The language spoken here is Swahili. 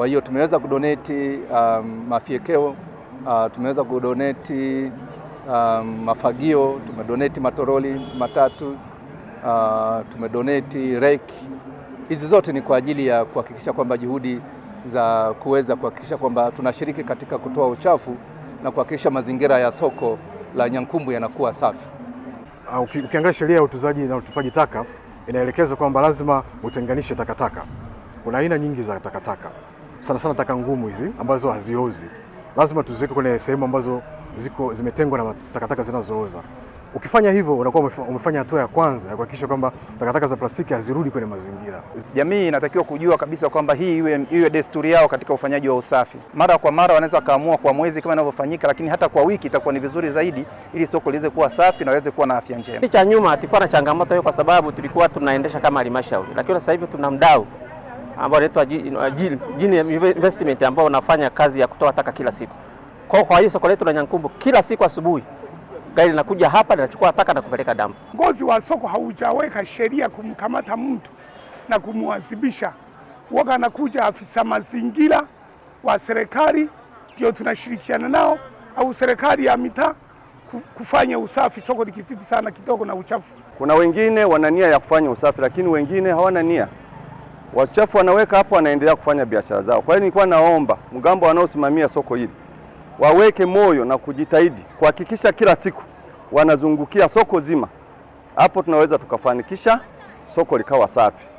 Kwa hiyo tumeweza kudoneti um, mafiekeo uh, tumeweza kudoneti um, mafagio, tumedoneti matoroli matatu uh, tumedoneti reki. Hizi zote ni kwa ajili ya kuhakikisha kwamba juhudi za kuweza kuhakikisha kwamba tunashiriki katika kutoa uchafu na kuhakikisha mazingira ya soko la Nyankumbu yanakuwa safi. Ah, ukiangalia sheria ya utunzaji na utupaji taka inaelekeza kwamba lazima utenganishe takataka. Kuna aina nyingi za takataka sana sana taka ngumu hizi ambazo haziozi lazima tuziweke kwenye sehemu ambazo ziko zimetengwa na takataka zinazooza. Ukifanya hivyo unakuwa umefanya hatua ya kwanza ya kuhakikisha kwamba takataka za plastiki hazirudi kwenye mazingira. Jamii inatakiwa kujua kabisa kwamba hii iwe, iwe desturi yao katika ufanyaji wa usafi. Mara kwa mara wanaweza kaamua kwa mwezi kama inavyofanyika, lakini hata kwa wiki itakuwa ni vizuri zaidi, ili soko liweze kuwa safi na waweze kuwa na afya njema. Cha nyuma tulikuwa na changamoto hiyo, kwa sababu tulikuwa tunaendesha kama halmashauri, lakini sasa hivi tuna mdau ambao inaitwa Jini uh, Investment ambao wanafanya kazi ya kutoa taka kila siku. Kwa kwa hiyo soko letu la Nyankumbu kila siku asubuhi gari linakuja hapa linachukua taka na kupeleka dampo. Ngozi wa soko haujaweka sheria kumkamata mtu na kumwadhibisha. Woga anakuja afisa mazingira wa serikali ndio tunashirikiana nao au serikali ya mitaa kufanya usafi soko likizidi sana kidogo na uchafu. Kuna wengine wana nia ya kufanya usafi, lakini wengine hawana nia wachafu wanaweka hapo, wanaendelea kufanya biashara zao. Kwa hiyo nilikuwa naomba mgambo wanaosimamia soko hili waweke moyo na kujitahidi kuhakikisha kila siku wanazungukia soko zima, hapo tunaweza tukafanikisha soko likawa safi.